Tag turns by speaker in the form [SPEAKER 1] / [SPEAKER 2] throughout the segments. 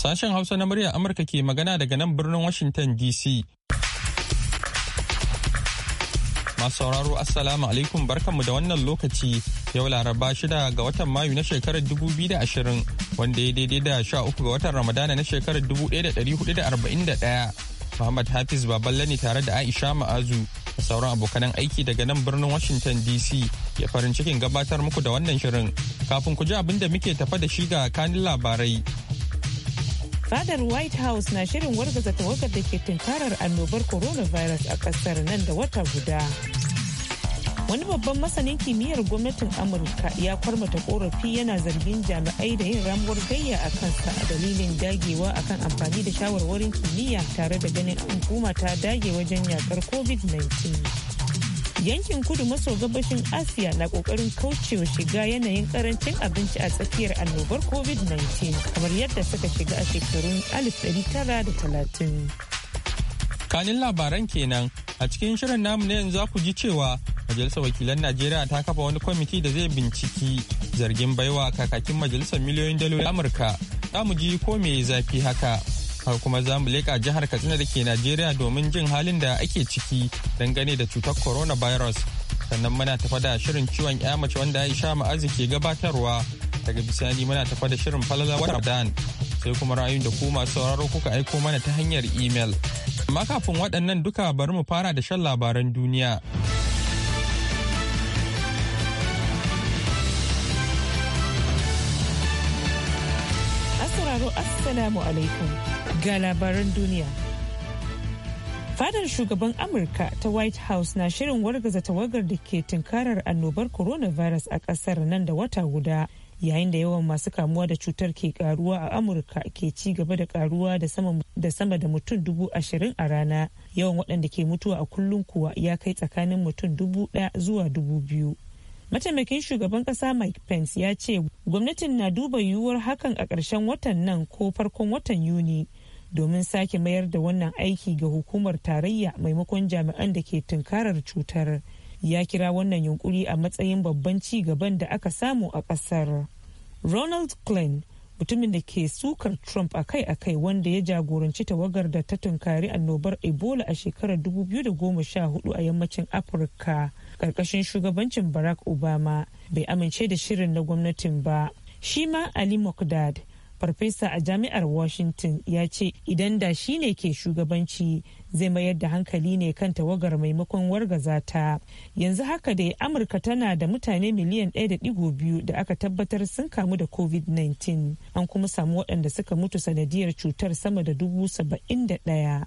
[SPEAKER 1] Sashen Hausa na muryar Amurka ke magana daga nan birnin Washington DC. Masu sauraro Assalamu alaikum barkanmu da wannan lokaci yau laraba shida ga watan Mayu na shekarar 2020 wanda ya daidai da sha uku ga watan Ramadana na shekarar 1441. Muhammad Hafiz Baballe ne tare da Aisha Ma'azu da sauran abokanan aiki daga nan birnin Washington DC ya farin cikin gabatar muku da wannan shirin. Kafin ku ji abin da muke tafa da shi ga kanin labarai.
[SPEAKER 2] fadar white house na shirin wargaza tawagar da ke tunkarar annobar coronavirus a kasar nan da wata guda wani babban masanin kimiyyar gwamnatin amurka ya kwarmata korafi yana zargin jami'ai da yin ramuwar gayya a kansa a dalilin dagewa akan amfani da shawarwarin kimiyya tare da ganin hukuma ta dage wajen yakar covid-19 yankin kudu maso gabashin asiya na kokarin kaucewa shiga yanayin karancin abinci a tsakiyar annobar covid-19 kamar yadda suka shiga a shekarun 1930
[SPEAKER 1] kanin labaran kenan a cikin shirin namu na yanzu ku ji cewa majalisar wakilan najeriya ta kafa wani kwamiti da zai binciki zargin baiwa kakakin majalisar miliyoyin dalolin amurka za mu ji ko me zafi haka har kuma za mu leƙa jihar katsina da ke najeriya domin jin halin da ake ciki dangane da cutar coronavirus sannan muna tafa da shirin ciwon ya mace wanda aisha ma'azi ke gabatarwa daga bisani muna tafa da shirin falala ramadan sai kuma ra'ayin da ku masu sauraro kuka aiko mana ta hanyar email amma kafin waɗannan duka bari mu fara da shan labaran duniya
[SPEAKER 2] Assalamu alaikum. ga labaran duniya. Fadar shugaban Amurka ta White House na shirin wargaza tawagar da ke tunkarar annobar coronavirus a kasar nan da wata guda yayin da yawan masu kamuwa da cutar ke karuwa a Amurka ke ci gaba da karuwa da sama da mutum dubu ashirin a rana. Yawan waɗanda ke mutuwa a kullum kuwa ya kai tsakanin mutum dubu ɗaya zuwa dubu biyu. mataimakin shugaban kasa mike pence ya ce gwamnatin na duba yiwuwar hakan a ƙarshen watan nan ko farkon watan yuni domin sake mayar da wannan aiki ga hukumar tarayya maimakon jami'an da ke tunkarar cutar ya kira wannan yunkuri a matsayin babban ci gaban da aka samu a ƙasar. ronald klein mutumin da ke sukar trump akai-akai wanda ya jagoranci tawagar da ta tunkari annobar ebola a shekarar 2014 a yammacin afirka ƙarƙashin shugabancin barack obama bai amince da shirin na gwamnatin ba shi ma ali mokdad farfesa a jami'ar washington ya ce idan da shi ne ke shugabanci zai mayar da hankali ne kan tawagar maimakon wargaza ta yanzu haka dai amurka tana da mutane miliyan 1.2 da aka tabbatar sun kamu da covid-19 an kuma samu waɗanda suka mutu sanadiyar cutar sama da dubu saba'in da ɗaya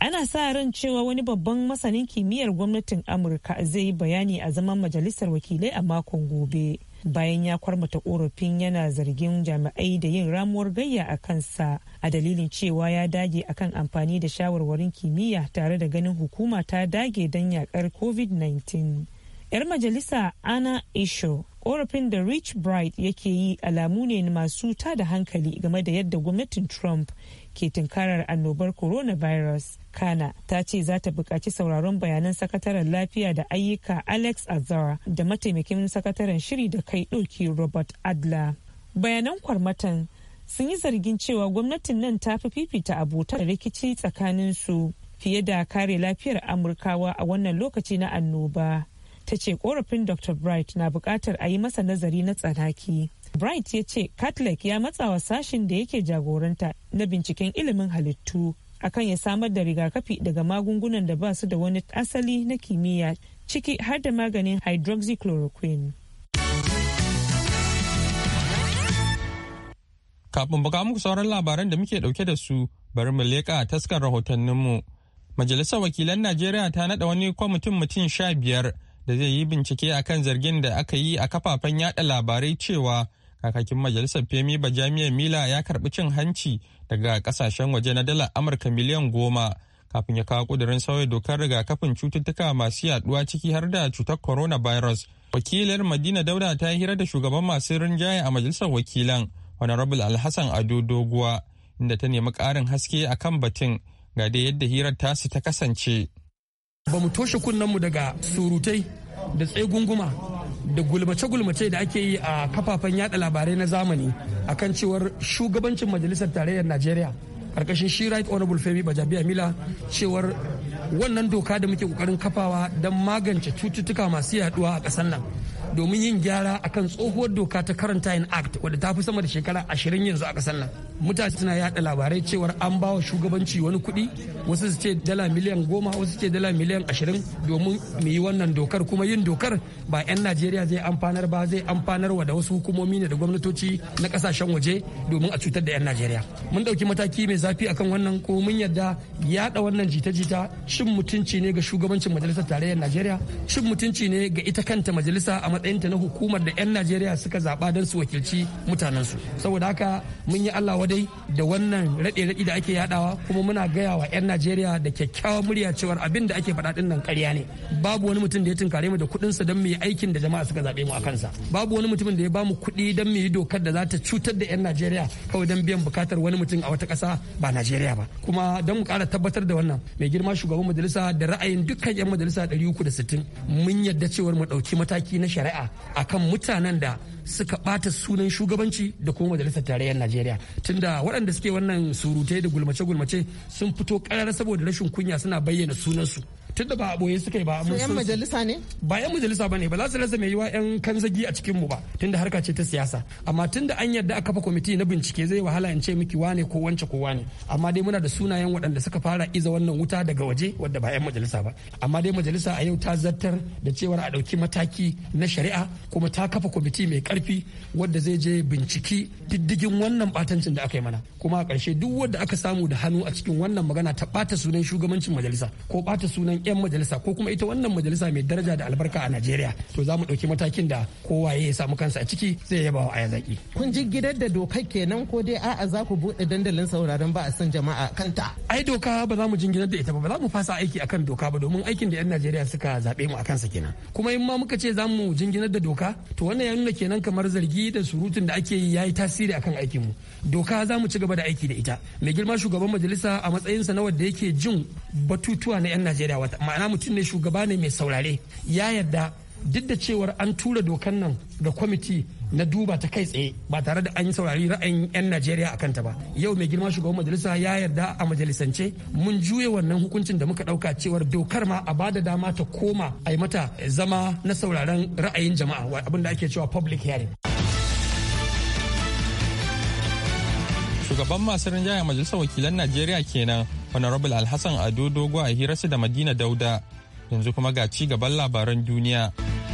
[SPEAKER 2] ana sa ran cewa wani babban masanin kimiyyar gwamnatin amurka zai yi bayani a zaman majalisar wakilai a makon gobe bayan ya kwarmata korafin yana zargin jami'ai da yin ramuwar gayya a kansa a dalilin cewa ya dage akan amfani da shawarwarin kimiyya tare da ganin hukuma ta dage don yakar covid-19 yar majalisa ana isho korafin da rich bright yake yi alamu ne masu tada hankali game da yadda gwamnatin trump ke tunkarar annobar coronavirus kana ta ce za ta buƙaci sauraron bayanan sakataren lafiya da ayyuka alex azara da mataimakin sakataren shiri da kai ɗauki robert adler bayanan kwarmatan sun yi zargin cewa gwamnatin nan ta fi fifita abota da rikici tsakanin su fiye da kare lafiyar amurkawa a wannan lokaci na annoba ta ce korafin dr bright na buƙatar a yi masa nazari na tsanaki bright ya ce catholic ya matsawa sashin da yake jagoranta na binciken ilimin halittu akan ya samar da rigakafi daga magungunan da ba su da wani asali na kimiyya ciki har da maganin hydroxychloroquine.
[SPEAKER 1] Kafin buga muku sauran labaran da muke dauke da su bari mu leƙa taskar rahotanninmu. Majalisar Wakilan Najeriya ta naɗa wani kwamitin mutum sha biyar da zai yi bincike akan zargin da aka yi a kafafen yada labarai cewa kakakin majalisar femi bajamiya mila ya karbi cin hanci daga kasashen waje na Dala amurka miliyan goma kafin ya kawo kudirin sauya dokar rigakafin cututtuka masu yaduwa ciki har da cutar coronavirus wakilar madina dauda ta hira da shugaban masu rinjaye a majalisar wakilan honorable alhassan ado doguwa inda ta nemi karin haske akan batun ga dai yadda hirar tasu ta kasance ba mu toshe kunnenmu daga surutai da tsegunguma da
[SPEAKER 3] gulmace-gulmace da ake yi a kafafen yada labarai na zamani akan cewar shugabancin majalisar tarayyar najeriya karkashin shi right honorable femi bajabi amila cewar wannan doka da muke kokarin kafawa don magance cututtuka masu yaduwa a ƙasar nan domin yin gyara akan tsohuwar doka ta quarantine act wadda ta fi sama da shekara ashirin yanzu a kasar nan mutane suna yada labarai cewar an ba wa shugabanci wani kuɗi wasu su ce dala miliyan goma wasu ce dala miliyan ashirin domin mu yi wannan dokar kuma yin dokar ba 'yan najeriya zai amfanar ba zai amfanar wa da wasu hukumomi ne da gwamnatoci na kasashen waje domin a cutar da 'yan najeriya mun ɗauki mataki mai zafi akan wannan ko mun yadda yada wannan jita-jita cin mutunci ne ga shugabancin majalisar tarayyar najeriya cin mutunci ne ga ita kanta majalisa a matsayin matsayinta na hukumar da 'yan najeriya suka zaɓa don su wakilci mutanensu saboda haka mun yi allah wadai da wannan raɗe-raɗi da ake yadawa kuma muna gaya wa 'yan najeriya da kyakkyawar murya cewar abin da ake faɗa nan ƙarya ne babu wani mutum da ya tunkare mu da kuɗinsa don mu yi aikin da jama'a suka zaɓe mu a kansa babu wani mutumin da ya bamu kuɗi don mu yi dokar da za ta cutar da 'yan najeriya kawai don biyan bukatar wani mutum a wata ƙasa ba najeriya ba kuma don mu ƙara tabbatar da wannan mai girma shugaban majalisa da ra'ayin dukkan 'yan majalisa 360 mun yarda cewar mu ɗauki mataki na shari'a shari'a akan mutanen da suka ɓata sunan shugabanci da kuma majalisar tarayyar najeriya tunda waɗanda suke wannan surutai da gulmace-gulmace sun fito ƙarar saboda rashin kunya suna bayyana sunansu tunda ba a boye suka yi ba. Su yan majalisa ne? Ba yan majalisa ba ne ba za su rasa mai yiwa yan kanzagi a cikinmu ba tunda harka ce ta siyasa. Amma tunda an yarda a kafa kwamiti na bincike zai wahala in ce miki wane ko wance ko wane. Amma dai muna da sunayen waɗanda suka fara iza wannan wuta daga waje wadda ba yan majalisa ba. Amma dai majalisa a yau ta zartar da cewar a ɗauki mataki na shari'a kuma ta kafa kwamiti mai ƙarfi wadda zai je binciki diddigin wannan batancin da aka yi mana. Kuma a ƙarshe duk wanda aka samu da hannu a cikin wannan magana ta ɓata sunan shugabancin majalisa ko ɓata sunan 'yan majalisa ko kuma ita wannan majalisa mai daraja da albarka a najeriya to za mu ɗauki matakin da kowa ya samu kansa a ciki zai yaba wa ayazaki
[SPEAKER 4] kun ji gidan da dokar kenan ko dai a'a za ku buɗe dandalin sauraron ba a san jama'a kanta
[SPEAKER 3] ai doka ba za mu jinginar da ita ba ba za mu fasa aiki akan doka ba domin aikin da 'yan najeriya suka zaɓe mu a kansa kenan kuma in ma muka ce za mu jinginar da doka to wannan ya nuna kenan kamar zargi da surutun da ake yi ya yi tasiri akan aikin mu doka za mu ci gaba da aiki da ita mai girma shugaban majalisa a matsayinsa na wanda yake jin batutuwa na 'yan najeriya wata ma'ana mutum ne shugaba ne mai saurare ya yarda duk da cewar an tura dokan nan ga kwamiti na duba ta kai tsaye ba tare da an yi saurari ra'ayin 'yan najeriya a kanta ba yau mai girma shugaban majalisa ya yarda a majalisance mun juye wannan hukuncin da muka dauka cewar dokar ma a bada dama ta koma a yi mata zama na sauraren ra'ayin jama'a abin da ake cewa public hearing
[SPEAKER 1] shugaban masu rinjaya majalisar wakilan najeriya kenan honorable alhassan ado dogo a hirarsa da madina dauda yanzu kuma ga ci gaban labaran duniya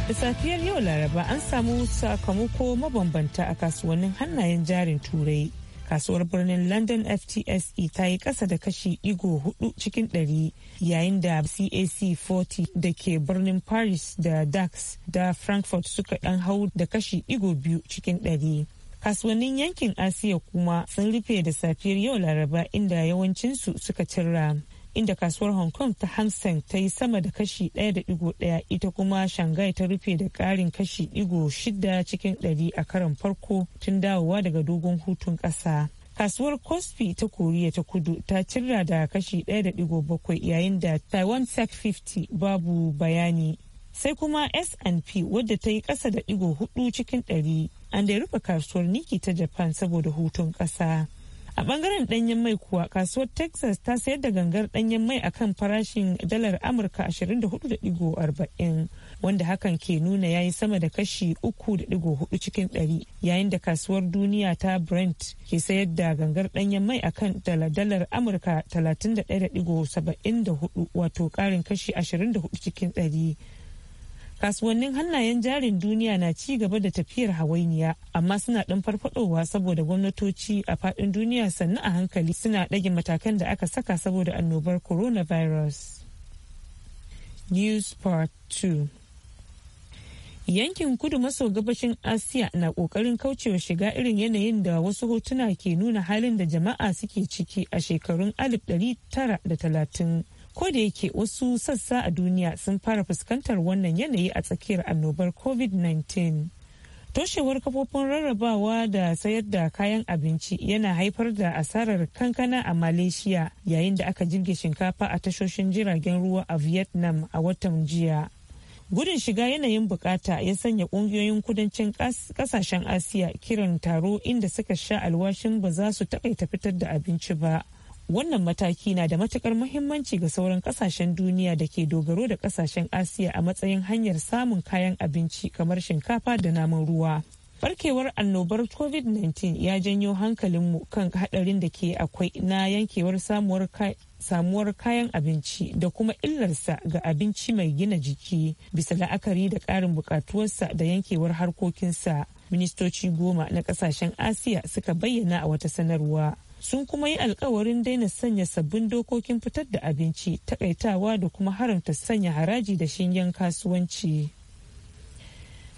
[SPEAKER 2] da safiyar yau laraba an samu sakamako mabambanta a kasuwannin hannayen jarin turai kasuwar birnin london ftse ta yi kasa da kashi igo hudu cikin dari yayin da cac 40 da ke birnin paris da dax da frankfurt suka dan hau da kashi igo biyu cikin dari kasuwannin yankin asiya kuma sun rufe da safiyar yau laraba inda yawancinsu suka cirra inda kasuwar hong kong ta hansen ta yi sama da kashi 1.1 ita kuma shanghai ta rufe da ƙarin kashi digo shida cikin ɗari a karon farko tun dawowa daga dogon hutun ƙasa kasuwar kospi ta koriya ta kudu ta cirra da kashi 1.7 yayin da taiwan sec 50 babu bayani sai kuma S&P wadda ta yi ƙasa da digo hudu cikin ɗari an da rufe kasuwar niki ta japan saboda hutun kasa a bangaren danyen mai kuwa kasuwar texas ta sayar da gangar danyen mai akan farashin dalar amurka 24.40 wanda hakan ke nuna yayi sama da kashi 3.4 cikin 100 yayin da kasuwar duniya ta brent ke sayar da gangar danyen mai akan dalar amurka 31.74 wato karin kashi 24 cikin kasuwannin hannayen jarin duniya na ci gaba da tafiyar hawainiya amma suna ɗan farfadowa saboda gwamnatoci a faɗin duniya sannu a hankali suna ɗage matakan da aka saka saboda annobar coronavirus. News Part 2 Yankin kudu maso gabashin Asiya na ƙoƙarin kaucewa shiga irin yanayin da wasu hotuna ke nuna halin da jama'a suke ciki a shekarun 1930. ko da yake wasu sassa a duniya sun fara fuskantar wannan yanayi a tsakiyar annobar covid-19 toshewar kafofin rarrabawa da sayar da kayan abinci yana haifar da asarar kankana a malaysia yayin da aka jirge shinkafa a tashoshin jiragen ruwa a vietnam a watan jiya gudun shiga yanayin bukata ya sanya kungiyoyin kudancin kasashen asiya kiran taro inda suka sha alwashin ba za su takaita fitar da abinci ba wannan mataki na da matukar muhimmanci ga sauran kasashen duniya da ke dogaro da kasashen asiya a matsayin hanyar samun kayan abinci kamar shinkafa da naman ruwa barkewar annobar covid-19 ya janyo hankalinmu kan hadarin da ke akwai na yankewar samuwar kayan abinci da kuma illarsa ga abinci mai gina jiki bisa la'akari da ƙarin bukatuwarsa da yankewar harkokinsa ministoci goma na kasashen asiya suka bayyana a wata sanarwa sun kuma yi alkawarin daina sanya sabbin dokokin fitar da abinci takaitawa da kuma haramta sanya haraji da shingen kasuwanci.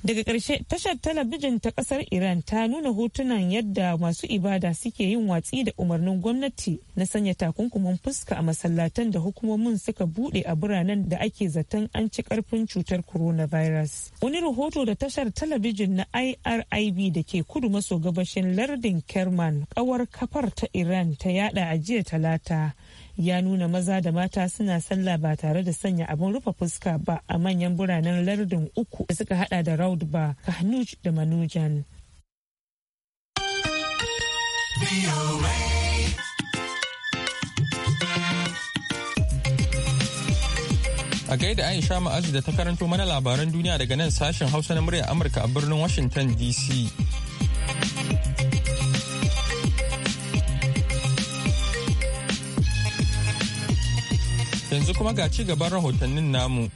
[SPEAKER 2] daga ƙarshe tashar talabijin ta ƙasar iran ta nuna hotunan yadda masu ibada suke yin watsi da umarnin gwamnati na sanya takunkumin fuska a masallatan da hukumomin suka buɗe a biranen da ake zaton an ci ƙarfin cutar coronavirus wani rahoto da tashar talabijin na irib da ke kudu maso gabashin lardin kerman kawar kafar ta iran ta yada a jiya talata ya nuna maza da mata suna sallah ba tare da sanya abin rufe fuska ba a manyan biranen lardin uku da suka hada da raud ba kahnuj da manujan
[SPEAKER 1] a gaida aisha ma'azu da ta karanto mana labaran duniya daga nan sashen hausa na murya amurka a birnin washington dc yanzu kuma ga ci gaban rahotannin namu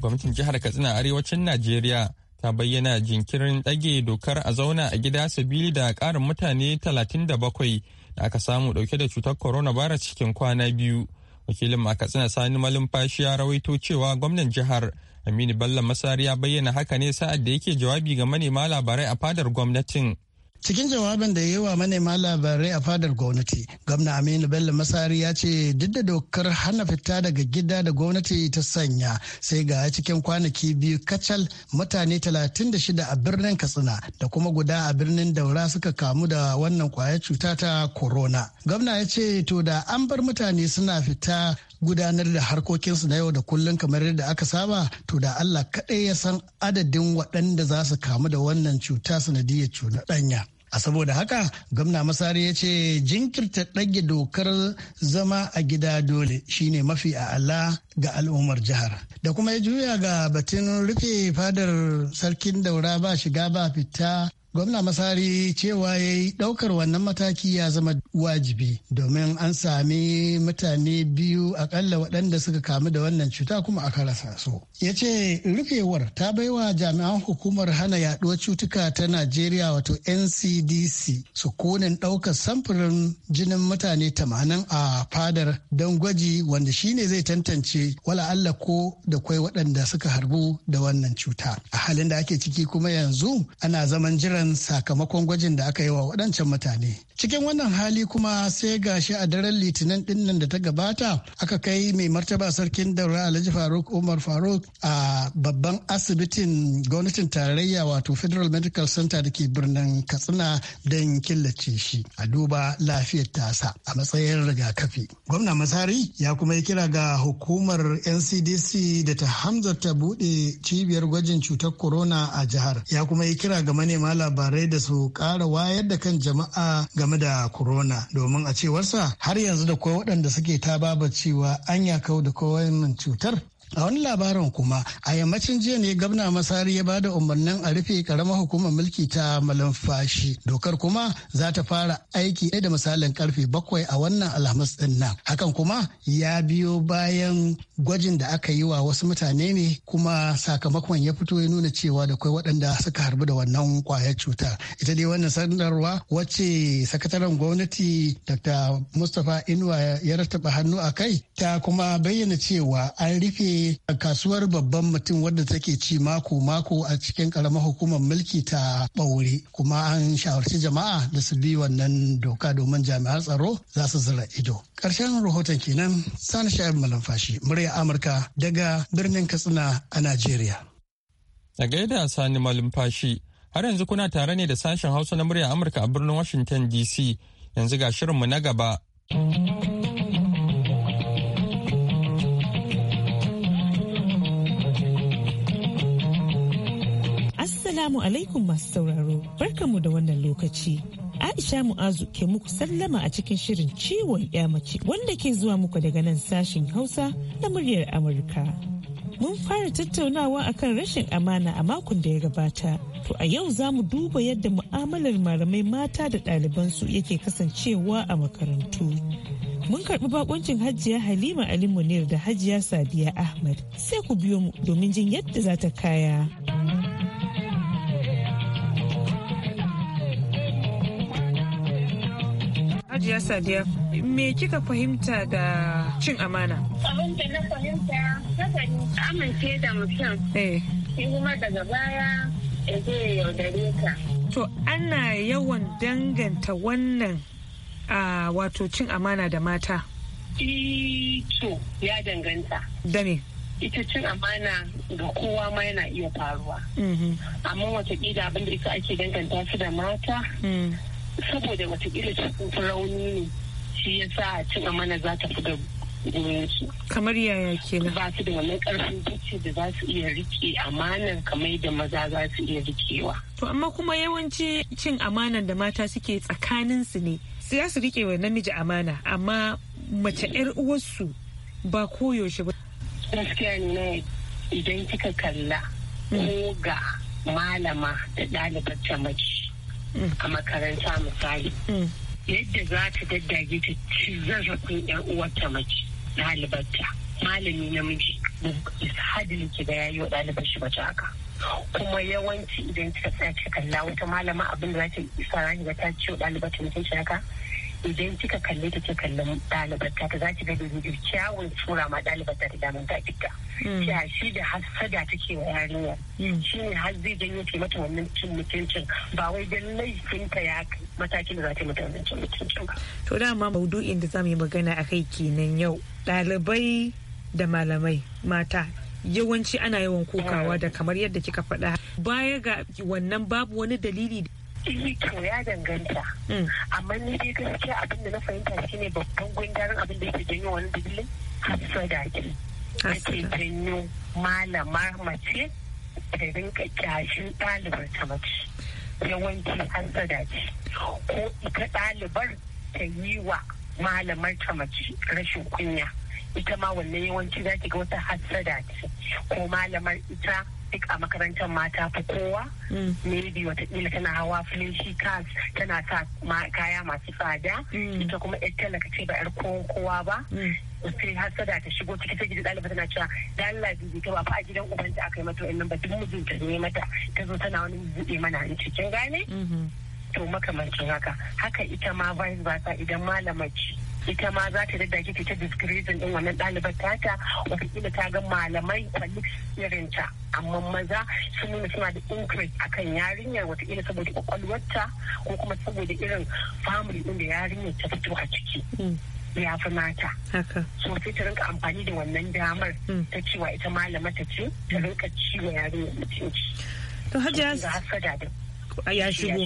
[SPEAKER 1] gwamnatin jihar katsina arewacin najeriya ta bayyana jinkirin ɗage dokar a zauna a gida sabili da ƙarin mutane 37 da aka samu ɗauke da cutar corona coronavirus cikin kwana biyu wakilin a katsina sani malumfashi ya rawaito cewa gwamnan jihar aminu bello masari ya bayyana haka ne sa'ad da yake jawabi ga manema labarai a fadar gwamnatin
[SPEAKER 4] Cikin jawabin da yi wa manema labarai a fadar gwamnati, gwamna Aminu Bello Masari ya ce duk da dokar hana fita daga gida da gwamnati ta sanya sai ga cikin kwanaki biyu kacal mutane 36 a birnin Katsina da kuma guda a birnin Daura suka kamu da wannan kwayar cuta ta corona. Gwamna ya ce to da an bar mutane suna fita gudanar da harkokinsu na yau da kullum kamar yadda aka saba to da Allah kaɗai ya san adadin waɗanda za su kamu da wannan cuta sanadiyar ɗanya. a saboda haka gwamna masari ya ce jinkirta ɗage dokar zama a gida dole shine mafi a'ala ga al'ummar jihar da kuma ya juya ga batun rufe fadar sarkin daura ba shiga ba fita Gwamna Masari cewa ya yi ɗaukar wannan mataki ya zama wajibi domin an sami mutane biyu akalla waɗanda suka kamu da wannan cuta kuma aka rasa so. Ya ce rufewar ta baiwa jami'an hukumar hana yaɗuwar cutuka ta Najeriya wato NCDC su ɗaukar samfurin jinin mutane tamanin a fadar don gwaji wanda shine zai tantance wala Allah ko da kwai waɗanda suka harbu da wannan cuta. A halin da ake ciki kuma yanzu ana zaman jiran sakamakon gwajin da aka yi wa waɗancan mutane cikin wannan hali kuma sai gashi a daren litinin dinnan da ta gabata aka kai mai martaba sarkin daura alhaji faruk umar faruk a babban asibitin gwamnatin tarayya wato federal medical center da ke birnin katsina don killace shi a duba lafiyar tasa a matsayin rigakafi gwamna masari ya kuma yi kira ga hukumar ncdc da ta hamzarta buɗe cibiyar gwajin cutar corona a jihar ya kuma yi kira ga manema labarai da su kara wayar da kan jama'a ga game da corona domin a cewarsa har yanzu da kawai waɗanda suke ta baba cewa an ya kau da kawai cutar a wani labarin kuma a yammacin jiya ne gwamna masari ya bada umarnin a rufe karamar hukumar mulki ta malumfashi dokar kuma za ta fara aiki da misalin karfe bakwai a wannan alhamis din nan hakan kuma ya biyo bayan gwajin da aka yi wa wasu mutane ne kuma sakamakon ya fito ya nuna cewa da kai waɗanda suka harbu da wannan kwayar cutar ita dai wannan sanarwa wacce sakataren gwamnati dr mustapha inuwa ya rataba hannu a kai ta kuma bayyana cewa an rufe A kasuwar babban mutum wadda take ci mako-mako a cikin karamar hukumar mulki ta ɓaure kuma an shawarci jama'a da su bi wannan doka domin jami'an tsaro za su zira ido. Karshen rahoton kenan sani sha'ib malamfashi murya Amurka daga birnin Katsina a Najeriya.
[SPEAKER 1] A gaida sani malumfashi har yanzu kuna tare ne da sashen Hausa na murya Amurka a birnin Washington DC yanzu ga shirinmu na gaba.
[SPEAKER 2] Assalamu alaikum masu sauraro, barkamu da wannan lokaci. Aisha Mu'azu ke muku sallama a cikin shirin ciwon mace wanda ke zuwa muku daga nan sashin Hausa na muryar Amurka. Mun fara tattaunawa akan rashin amana a makon da ya gabata. To a yau za mu duba yadda mu'amalar malamai mata da ɗalibansu yake kasancewa a makarantu. Mun karɓi bakoncin Hajiya Halima Ali Munir da Hajiya Sadiya Ahmad. Sai ku biyo mu domin jin yadda za ta kaya. Hajiya Sadiya, me kika fahimta da cin amana?
[SPEAKER 5] Abin da na fahimta, na
[SPEAKER 2] fahimta amince da mutum. Eh. kuma daga baya ya zai yaudare ka. To ana yawan danganta wannan a wato cin amana da mata. Ito ya danganta. Da
[SPEAKER 6] Ita cin amana ga kowa ma yana iya faruwa. Mm-hmm. Amma watakila abinda ita ake danganta su da mata. Mm. saboda watakila cikin rauni ne shi ya sa a cika mana za ta fi da kamar yaya kenan ba su da wani karfin zuci da za su iya rike amanan kamar da maza za su iya rikewa
[SPEAKER 2] to amma kuma yawanci cin amanar da mata suke tsakanin su ne sai za su rike wa namiji amana amma mace yar uwarsu ba koyaushe ba gaskiya
[SPEAKER 6] ne idan kika kalla
[SPEAKER 2] ko ga malama da ɗalibar
[SPEAKER 6] ta mace a makaranta misali mm. yadda za ta daddage ta ci zarafin yan uwarta mace ɗalibarta malami namiji hadin ki ga yayi wa ɗalibar shi mace haka kuma yawanci idan ta tsaya ta kalla wata malama abin da za ta isa rani ga ta wa ɗalibar ta mutunci haka idan kika kalle ta ke kallon ɗalibarta ta za ki ga da kyawun tsura ma ɗalibarta ta damar ta fita. Ya hmm. shi da ta ke wa yarinya. Hmm. Shi ne har zai janyo ta mata wannan cin mutuncin ba wai dan laifinta ya matakin da za ta yi mata wannan cin mutuncin ba.
[SPEAKER 2] To dama maudu'in da za mu yi magana a kai kenan yau ɗalibai da malamai mata yawanci ana yawan kokawa hmm. da kamar yadda kika faɗa baya ga wannan babu wani dalili kyau ya danganta mm. amma ni dai gaskiya abin da na fahimta
[SPEAKER 6] shine babban gundarin abin da yake janyo wani dubilin hasada ce ake janyo malamar mace ta rinka kyashin ɗalibar ta mace yawanci hasada ce ko ita ɗalibar ta yi wa malamar ta mace rashin kunya ita ma wannan yawanci za ki ga wata hasada ce ko malamar ita duk a makarantar mata fa kowa mm. maybe watakila tana hawa flashy cars tana sa kaya masu tsada mm. ita kuma yar ka ce ba yar kowa ba mm. sai hasada ta shigo ciki ta gidi ɗaliba tana cewa da Allah bibi ta ba fa a gidan ubanta aka yi mata wannan ba duk ta ne mata ta zo tana wani buɗe mana in cikin gane mm-hmm. to makamancin haka haka ita ma vice versa idan malamaci ita ma za ta daddaki ta ta in din wannan ɗalibar tata wataƙila ta ga malamai kwalik ta amma maza sun nuna suna da increase kan yarinyar wataƙila saboda kwakwalwarta ko kuma saboda irin family ɗin da yarinyar ta fito a ciki. Hmm. ya fi mata. So sai ta rinka amfani da wannan damar hmm. ta cewa ita malama ta ce ta rinka ciwo yarinyar mutunci. To hajiya.
[SPEAKER 2] ya shigo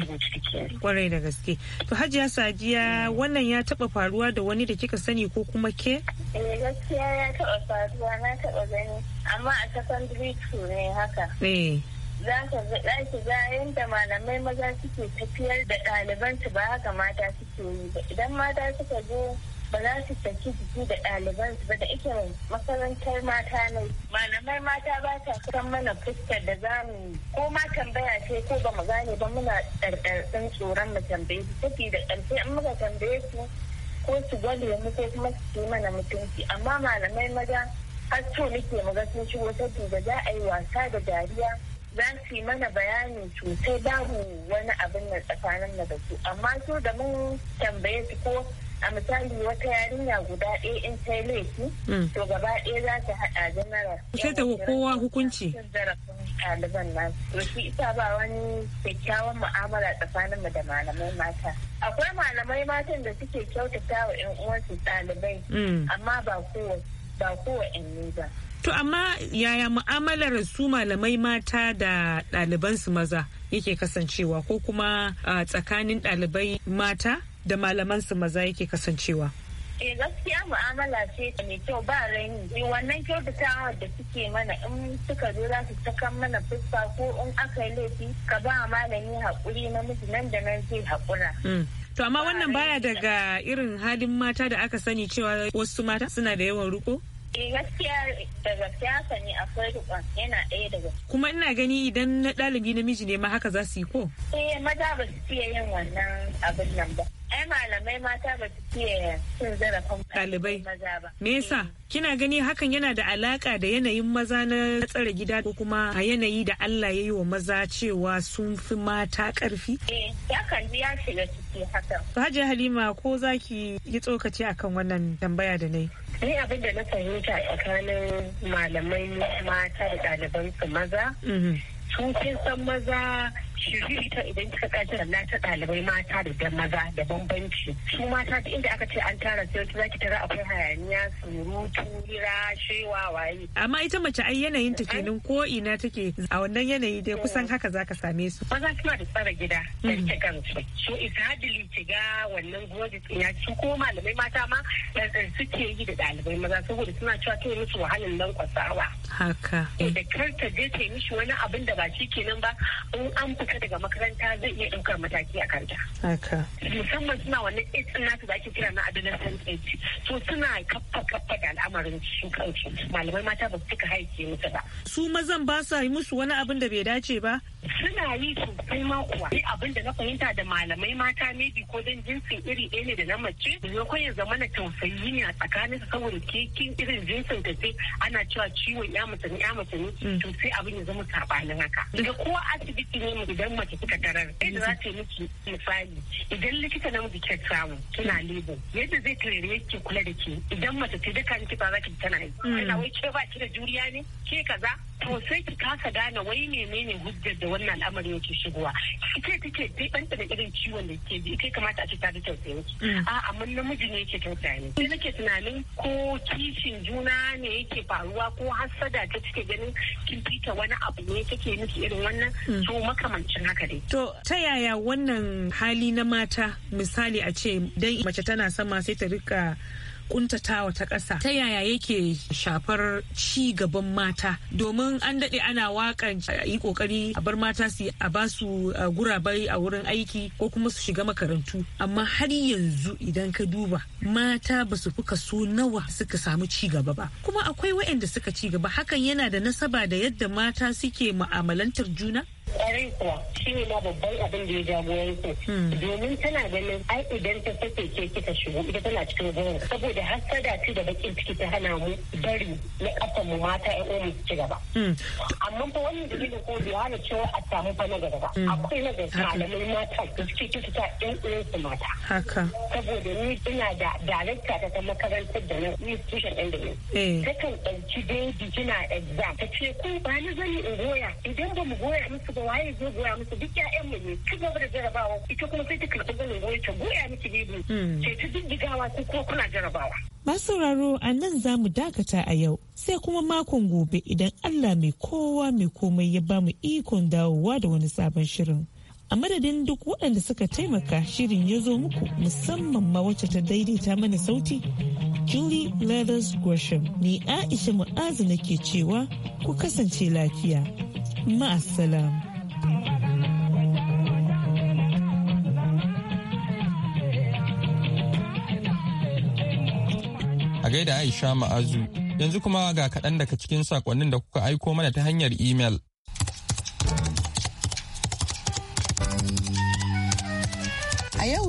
[SPEAKER 2] kwarai da gaske to hajiya sadiya wannan ya taba faruwa da wani da kika sani ko kuma ke
[SPEAKER 5] eh, gaskiya ya taba faruwa na taba gani amma a secondary school ne haka eh za ka ɗaki za da malamai maza suke tafiyar da ɗaliban ba haka mata suke yi ba idan mata suka zo ba za su saki jiki da ɗaliban ba da ike makarantar mata ne malamai mata ba ta san mana fuskar da za mu ko ma tambaya ce ko ba mu gane ba muna ɗarɗarɗin tsoron mu tambaye su tafi da ƙarfi in muka tambaye su ko su gwale mu ko kuma su yi mana mutunci amma malamai maza har so nake mu ga sun shigo da za a yi wasa da dariya za su yi mana bayani sosai babu wani abin na tsakanin na da su amma so da mun tambaye su ko a misali wata yarinya guda ɗaya in sai laifi hmm. to gaba ɗaya za ta haɗa general sai ta kowa hukunci ɗaliban nan to shi isa ba wani kyakkyawan mu'amala tsakanin mu da malamai mata akwai malamai matan da suke kyautata wa 'yan uwansu ɗalibai hmm. amma ba kowa ba kowa ba
[SPEAKER 2] To amma yaya mu'amalar su malamai mata da ɗalibansu maza yake kasancewa ko kuma ah, tsakanin ɗalibai mata da malaman su maza yake kasancewa
[SPEAKER 5] eh gaskiya mu'amala ce ta mai kyau ba raini eh, wannan kyautatawa da suke mana in suka zo za su saka mana fuska ko in aka yi laifi ka ba malami haƙuri miji nan da nan zai haƙura
[SPEAKER 2] hmm. To amma wannan baya daga irin halin mata da aka sani cewa wasu mata suna da yawan ruko?
[SPEAKER 5] Eh, gaskiya daga siyasa ne akwai rikon yana ɗaya daga
[SPEAKER 2] kuma ina gani idan na ɗalibi namiji ne ma haka za su yi ko
[SPEAKER 5] eh maza ba su fiye yin wannan abin nan ba ai malamai mata ba su fiye
[SPEAKER 2] cin zarafin ɗalibai maza ba. Me yasa? Eh. Kina gani hakan yana da alaka da yanayin maza na tsare gida ko kuma a yanayi da Allah ya yi wa maza cewa sun fi mata ƙarfi?
[SPEAKER 5] Eh, ya kalli ya shiga ciki
[SPEAKER 2] hakan. Hajiya Halima ko za ki yi tsokaci akan wannan tambaya da na yi?
[SPEAKER 5] Ni abin da na fahimta tsakanin malamai
[SPEAKER 6] mata da su maza. Mm-hmm. Sun fi san maza shiriri ta idan kika tsaya na ta ɗalibai mata da da maza da bambanci su mata da inda aka ce an tara sai za ki tara akwai hayaniya surutu rira shewa waye
[SPEAKER 2] amma ita mace ai yanayin ta kenan ko ina take a wannan yanayi dai kusan mm. haka zaka same su maza suna da tsara gida da mm. rike
[SPEAKER 6] kansu so isadili ki ga wannan gwaji ya ci ko malamai mata ma eh, suke yi da ɗalibai maza saboda suna cewa to musu wahalin nan kwasawa haka da kar ta je ta yi mishi wani abin da ba shi kenan ba in an fita fita daga makaranta zai iya ɗaukar mataki a
[SPEAKER 2] kanta.
[SPEAKER 6] Musamman suna wannan AIDS ɗin nasu da ake kira na adolescent AIDS. So suna kaffa kaffa da al'amarin su malamai mata ba su cika haike
[SPEAKER 2] musu ba. Su mazan ba sa yi musu wani abin da bai dace ba.
[SPEAKER 6] suna yi sosai ma kuwa ni abin da na fahimta da malamai mata ne bi ko dan jinsin iri ɗaya ne da na mace ne ko ya zama na tausayi ne a tsakanin saboda kekin irin jinsin ka sai ana cewa ciwon ya mace ne ya mace ne mm. to sai abin ya zama sabanin haka mm. daga ko asibiti ne idan mace kika tarar sai da za ta yi miki misali idan likita na miki samu kina mm. lebo yadda zai tare ki kula da ke idan mace ta daka miki ba za ki tana yi ana wai ke ba ki da juriya ne ke kaza to sai ki kasa gane wai menene hujjar da wannan al'amarin yake shigowa ita take dibanta da irin ciwon da ke bi kai kamata a ce ta da tausayin mm. a amma namiji ne yake tausaya ne sai nake tunanin ko kishin juna ne yake faruwa ko hassada ta take ganin kin fita wani abu ne take miki irin wannan mm. to makamancin haka dai
[SPEAKER 2] to ta yaya wannan hali na mata misali a ce dan mace tana sama sai ta rika kuntatawa ta ƙasa ta yaya yake shafar ci gaban mata domin an daɗe ana wakan yi kokari a bar mata su a ba su gurabai a wurin aiki ko kuma su shiga makarantu amma har yanzu idan ka duba mata ba su fi kaso nawa suka samu ci gaba ba kuma akwai waɗanda suka ci gaba hakan yana da nasaba da yadda mata suke ma'amalantar juna
[SPEAKER 6] kwarai kuwa shi ne ma babban abin da ya jago yanku hmm. domin tana ganin ai idan ta sake ke kika shigo ita tana cikin gurin saboda da ci da bakin ciki ta hana mu bari na kasan mu mata ƴan uwan ci gaba hmm. amma fa wannan dalilin ko da hana cewa a samu fa na gaba hmm. akwai na gaba malamai mata da suke ta ɗan uwan su mata saboda ni ina da darakta ta ta makarantar da na institution ɗin da ni eh. kan ɗauki daidi kina exam ta ce ko ba ni yi in goya idan ba mu goya musu ba waye zai goya musu duk ƴaƴan mu ne ci gaba da jarabawa ita kuma sai ta karɓi zanin goyi ta goya miki bibi hmm. sai ta jijjigawa ko kuma kuna jarabawa.
[SPEAKER 2] Masu sauraro a nan za mu dakata a yau sai kuma makon gobe idan Allah mai kowa mai komai ya ba mu ikon dawowa da wani sabon shirin. a madadin duk waɗanda suka taimaka shirin ya zo muku musamman ma wacce ta daidaita mana sauti julie leathers gresham ni aisha mu'azu nake cewa ku kasance lafiya ma'asalam.
[SPEAKER 1] a gaida Aisha Ma'azu. Yanzu kuma ga kaɗan daga cikin saƙonnin da kuka aiko mana ta hanyar imel.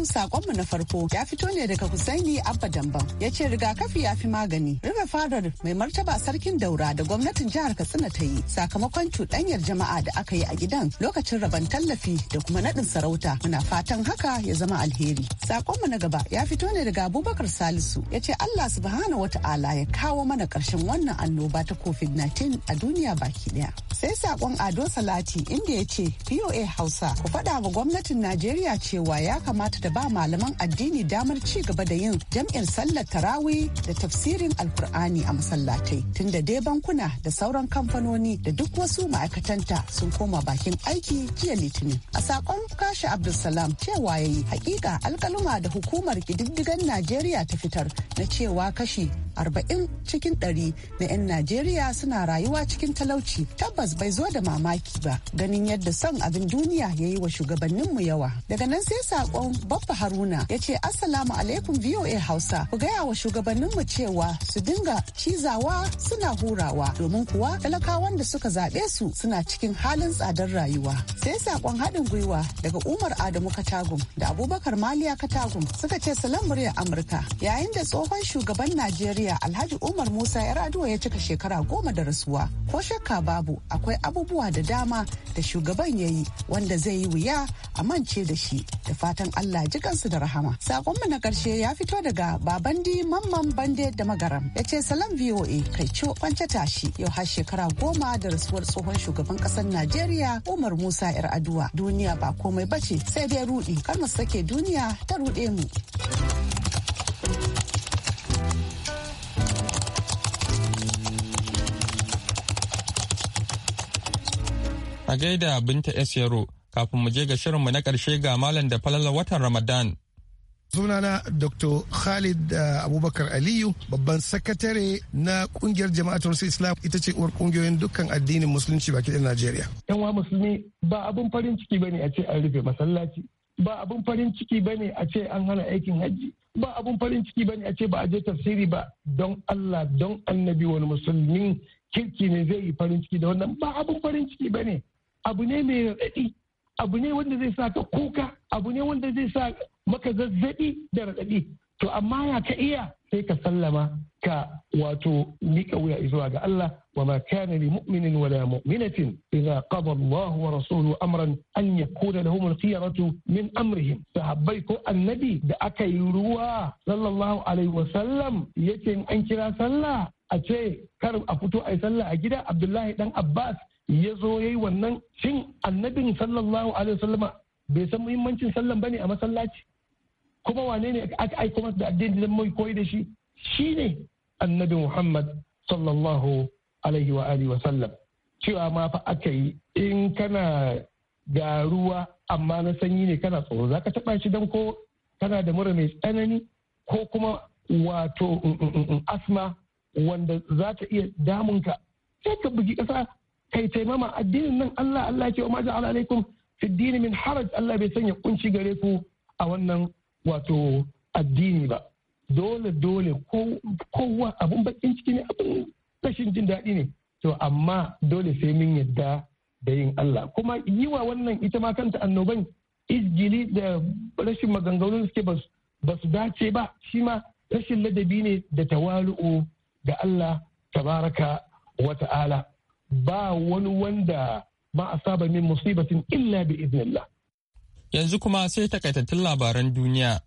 [SPEAKER 7] sakon sakonmu na farko ya fito ne daga Husaini Abba Damban. Ya ce rigakafi ya fi magani. Rufe fadar mai martaba sarkin daura da gwamnatin jihar Katsina ta yi sakamakon cuɗanyar jama'a da aka yi a gidan lokacin rabon tallafi da kuma naɗin sarauta. Muna fatan haka ya zama alheri. Sakonmu na gaba ya fito ne daga Abubakar Salisu. Ya ce Allah wata wata'ala ya kawo mana ƙarshen wannan annoba ta COVID-19 a duniya baki ɗaya. Sai sakon Ado Salati inda ya ce POA Hausa ku faɗa wa gwamnatin Najeriya cewa ya kamata da da ba malaman addini damar ci gaba da yin jam'in sallar tarawi da tafsirin alkur'ani a masallatai tunda dai bankuna da sauran kamfanoni da duk wasu ma'aikatanta sun koma bakin aiki jiya litinin a sakon kashi abdulsalam cewa ya yi hakika alkaluma da hukumar kididdigan najeriya ta fitar na cewa kashi arba'in cikin 100 na 'yan najeriya suna rayuwa cikin talauci tabbas bai zo da mamaki ba ganin yadda son abin duniya ya yi wa shugabanninmu yawa daga nan sai sakon Abba Haruna ya ce Assalamu alaikum VOA Hausa. Ku gaya wa shugabanninmu cewa su dinga cizawa suna hurawa domin kuwa talakawan da suka zaɓe su suna cikin halin tsadar rayuwa. Sai saƙon haɗin gwiwa daga Umar Adamu Katagum da Abubakar Maliya Katagum suka ce salam murya Amurka yayin da tsohon shugaban Najeriya Alhaji Umar Musa Yar'adua ya cika shekara goma da rasuwa. Ko shakka babu akwai abubuwa da dama da shugaban ya yi wanda zai yi wuya a mance da shi da fatan Allah ji kansu da rahama. Sakonmu na ƙarshe ya fito daga Babandi Mamman Bande da Magaram ya ce salam VOA kai ciwo kwance tashi yau har shekara goma da rasuwar tsohon shugaban ƙasar Najeriya Umar Musa aduwa Duniya ba komai ba ce sai dai rudi kar mu sake duniya ta ruɗe mu.
[SPEAKER 1] A gaida Binta S. Yaro kafin mu je ga mu na karshe ga malam da falalar watan Ramadan.
[SPEAKER 8] sunana dr khalid uh, abubakar aliyu babban sakatare na kungiyar jama'atul islam ita ce uwar kungiyoyin dukkan addinin musulunci baki da najeriya yan wa musulmi ba abin farin ciki bane a ce an rufe masallaci ba abin farin ciki bane a ce an hana aikin hajji ba abin farin ciki bane a ce ba a je tafsiri ba don allah don annabi wani musulmin kirki ne zai yi farin ciki da wannan ba abin farin ciki bane abu ne mai raɗaɗi abu ne wanda zai sa ka kuka abu ne wanda zai sa maka zazzabi da raɗaɗi to amma ya ka iya sai ka sallama ka wato miƙa wuya zuwa ga Allah wa ma kana li mu'minin wa la mu'minatin idza qada Allah wa rasuluhu amran an yakuna lahum al-khiyaratu min amrihim sahabbai ko annabi da aka yi ruwa sallallahu alaihi wa sallam yace an kira sallah a ce kar a fito a yi sallah a gida Abdullahi dan Abbas ya zo ya yi wannan shin annabin sallallahu alaihi wasallama bai san muhimmancin sallan bane a masallaci kuma wane ne aka aiko masa da addini dan mai koyi da shi shine annabi Muhammad sallallahu alaihi wa alihi wa sallam cewa ma fa aka yi in kana garuwa amma na sanyi ne kana tsoro zaka taba shi dan ko kana da mura mai tsanani ko kuma wato mm, mm, mm, asma wanda za ta iya damunka sai ka bugi kasa kai taimama addinin nan Allah Allah ke wa maja alaikum fi dini min haraj Allah bai sanya kunci gare ku a wannan wato addini ba dole dole kowa abun bakin ciki ne abun rashin jin daɗi ne to amma dole sai mun yadda da yin Allah kuma yi wa wannan ita ma kanta annoban izgili da rashin maganganun suke ba su dace ba shi ma rashin ladabi ne da tawalu'u ga Allah tabaraka wa ta'ala ba wani wanda ma asaba min musibatin illa bi iznillah
[SPEAKER 1] yanzu kuma sai takaitattun labaran duniya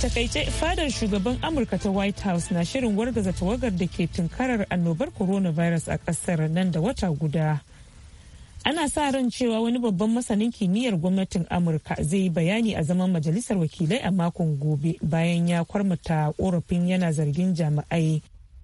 [SPEAKER 2] takaice fadar shugaban amurka ta white house na shirin wargaza tawagar da ke tunkarar annobar coronavirus a kasar nan da wata guda ana sa ran cewa wani babban masanin kimiyyar gwamnatin amurka zai yi bayani a zaman majalisar wakilai a makon gobe bayan ya kwarmata korafin yana zargin jami'ai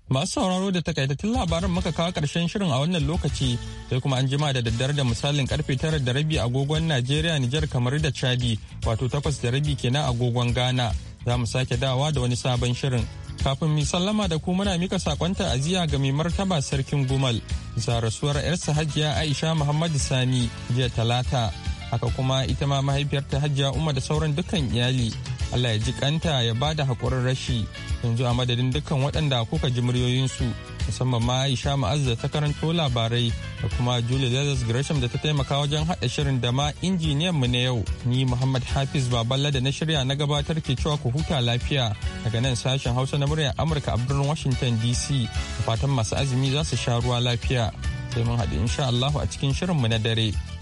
[SPEAKER 1] masu sauraro da takaitattun labaran muka kawo karshen shirin a wannan lokaci sai kuma an jima da daddare da misalin karfe tara da rabi agogon najeriya nijar kamar da chadi wato takwas da rabi kenan agogon ghana za mu sake dawa da wani sabon shirin kafin mu sallama da ku muna mika sakon ta'aziyya ga mai martaba sarkin gumal za rasuwar yarsa hajiya aisha muhammadu sani jiya talata haka kuma ita ma mahaifiyarta hajiya umma da sauran dukkan iyali Allah ya ji kanta ya ba da haƙurin rashi yanzu a madadin dukkan waɗanda kuka ji muryoyinsu musamman ma Aisha Ma'azza ta karanto labarai da kuma Julie Lazarus Gresham da ta taimaka wajen haɗa shirin da ma injiniyan mu na yau ni Muhammad Hafiz Baballa da na shirya na gabatar ke cewa ku huta lafiya daga nan sashen Hausa na muryar Amurka a birnin Washington DC fatan masu azumi za su sha ruwa lafiya sai mun haɗu insha Allah a cikin shirin mu na dare.